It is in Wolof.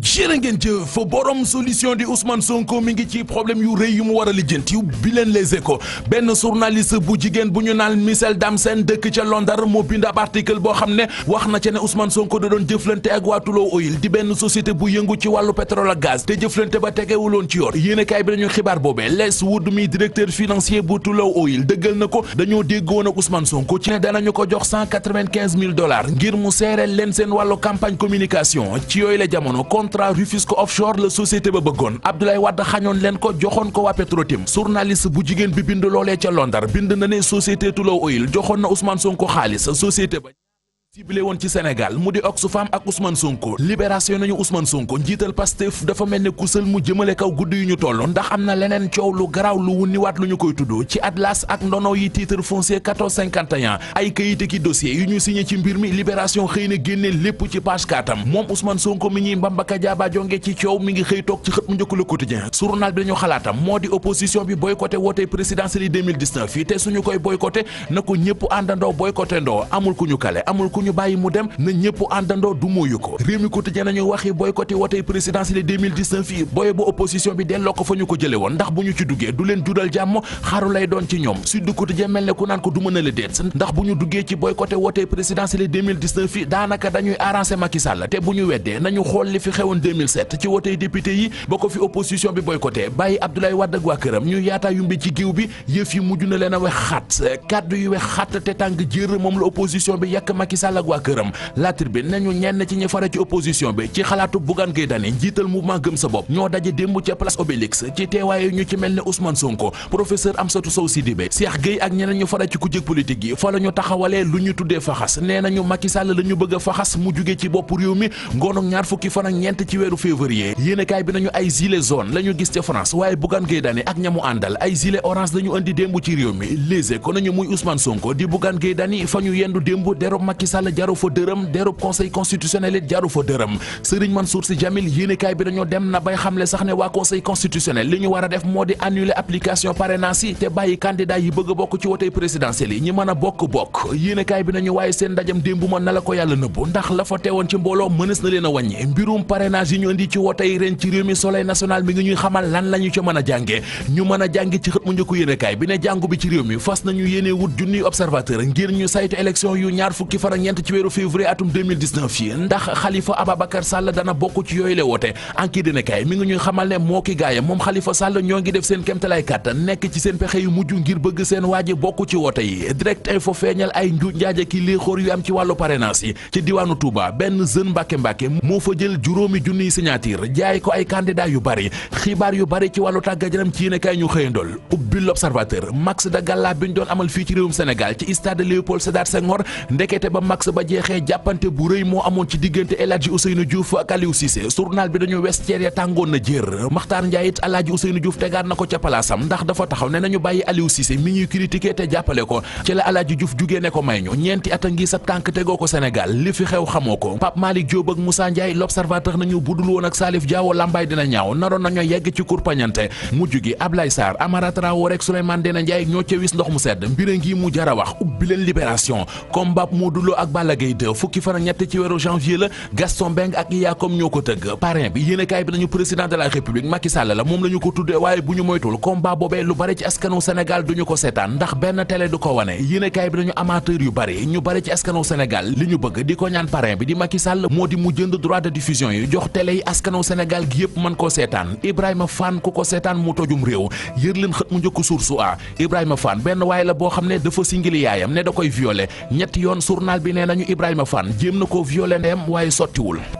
jërë ngeen jëf borom solution di Ousmane Sonko mi ngi ci problème yu rëy yu mu war a lijjanti bi leen les échos benn journaliste bu jigéen bu ñu naan Michel Damsen dëkk ca Londres moo bind ab article boo xam ne wax na ca ne Ousmane Sonko da doon jëflante ak waa Tullow Oil di benn société bu yëngu ci wàllu pétrole ak gaz te jëflante ba tegewuloon ci yoon yéenekaay bi dañu xibaar boobee Les Wood mi directeur financier bu Tullow Oil dëggal na ko dañoo déggoon ak Ousmane Sonko ci ne danañu ko jox cent quatre-vingt-quinze mille dollars ngir mu seereel leen seen wàllu campagne ci yooyu la jamono contrat Rufisque offshore la société ba bëggoon Abdoulaye Wade xañoon leen ko joxoon ko waa Petrotim journaliste bu jigéen bi bind loolee ca Londres bind na ne société Tullow Oil joxoon na Ousmane Sonko xaalis société ba ciblé woon ci Sénégal mu di Oxfam ak Ousmane Sonko libération nañu usman Sonko njiital Pastef dafa mel ne kusal mu jëmale kaw gudd yu ñu toll ndax am na leneen coow lu garaw lu wunniwaat lu ñu koy tuddoo ci atlas ak ndono yi titre foncier 1451 ay kayit ki dossier yu ñu signé ci mbir mi libération xëy na génne lépp ci page moom Ousmane Sonko mi ñuy mbambaka jaaba jonge ci coow mi ngi xëy toog ci xët mu njëkk Le Quotidien journal bi dañu xalaatam moo di opposition bi boycotté woote présidentielle yi 2019 yi te suñu koy boycotté na ko ñëpp àndandoo boycotté ndoo amul ku ñu kale amul ku ñu bàyyi mu dem na ñëpp àndandoo du mooyu ko réew mi quotidien nañu waxi boycotté wootey présidentielle 2019 yi booye bu opposition bi delloo ko fa ñu ko jële woon ndax bu ñu ci duggee du leen jural jàmm xaru lay doon ci ñoom Sud Quotidien mel ne ku naan ko du mën la déet ndax bu ñu duggee ci boycotté wootey présidentielle 2019 yi daanaka dañuy arranger Macky Sall te bu ñu weddee nañu xool fi xewoon ci wootey député yi ba ko fi opposition bi boycotté bàyyi Sall ak nañu ñenn ci ñi fara ci opposition bi ci xalaatu Bougane Gueye Dany njiital mouvement gëm sa bopp ñoo daje démb ca place Obélix ci teewaayu ñu ci mel ne Ousmane Sonko professeur Amsatou Sow Sidibé Cheikh Gueye ak ñeneen ñu fara ci kujje politique yi fa la ñu lu ñu tuddee faxas nee nañu Macky Sall bëgg faxas mu jugee ci bopp réew mi ngoon ñaar fukki fan ak ñeent ci weeru février yéenekaay bi nañu ay gilet jaune la gis ca France waaye Sall jaru fa dërëm derub conseil constitutionnel it jaru fa dërëm Serigne Mansour Sy Djamil yéenekaay bi dañoo dem na bay xamle sax ne waa conseil constitutionnel li ñu war def moo di annuler application parrainage yi te bàyyi candidat yi bëgg bokk ci wotey présidentiel yi ñi mën a bokk-bokk yéenekaay bi nañu waaye seen ndajam démb ma na la ko yàlla nëbbu ndax la fa teewoon ci mbooloo mënees na leen a wàññi mbirum parrainage yi ñu indi ci wotey ren ci réew mi ñeent ci weeru février atum 2019 yi ndax Khalifa Ababacar Sall dana bokk ci yooyu la woote enquête dina kay ngi ñuy xamal ne moo ki gaayam moom Khalifa Sall ñoo ngi def seen kéemtalaay kàttan nekk ci seen pexe yu mujj ngir bëgg seen waaje bokk ci woote yi direct info feeñal ay njuuj njaaje ki léexóor yu am ci wàllu parrainage yi ci diwaanu Touba benn jeune mbàkke-mbàkke moo fa jël juróomi junniy signature jaay ko ay candidat yu bari xibaar yu bari ci wàllu tàggat yaram ci yéene kay ñu xëyandool ubbi l'observateur Max da Galla bi ñu doon amal fii ci ci stade Léopold match ba jeexee jàppante bu rëy moo amoon ci diggante El Hadji Ousseynou Diouf ak Aliou Cissé journal bi dañu wes ceer ya tàngoon na jër Makhtar Ndiaye it El Hadji Ousseynou Diouf tegaat na ko ca palaasam ndax dafa taxaw ne nañu bàyyi Aliou Cissé mi ñuy critiquer te jàppale ko ci la El Hadji Diouf jugee ne ko may ñu ñeenti at a ngi sa tànk tegoo ko Sénégal li fi xew xamoo ko Pape Malick Diop ak Moussa Ndiaye l'observateur nañu budul woon ak Salif Diao lambaay ndox mu sedd mbir ngi mu jara wax ak Balla Gaye 2 fukki fan ak ñett ci weeru janvier la Gaston Mbengue ak Iyakom ñoo ko tëgg parrain bi yéenekaay bi nañu président de la république Macky Sall la moom la ñu ko tuddee waaye bu ñu moytul combat boobee lu bari ci askanu Sénégal duñu ko seetaan ndax benn télé du ko wane yéenekaay bi nañu amateur yu bari ñu bari ci askanu Sénégal li ñu bëgg di ko ñaan parrain bi di Macky Sall moo di mu jënd droit de diffusion yi jox télé yi askanu Sénégal la boo xam ne dafa singili yaayam ne da nee nañu Ibrahima Fan jéem na koo violé ndeyam waaye sottiwul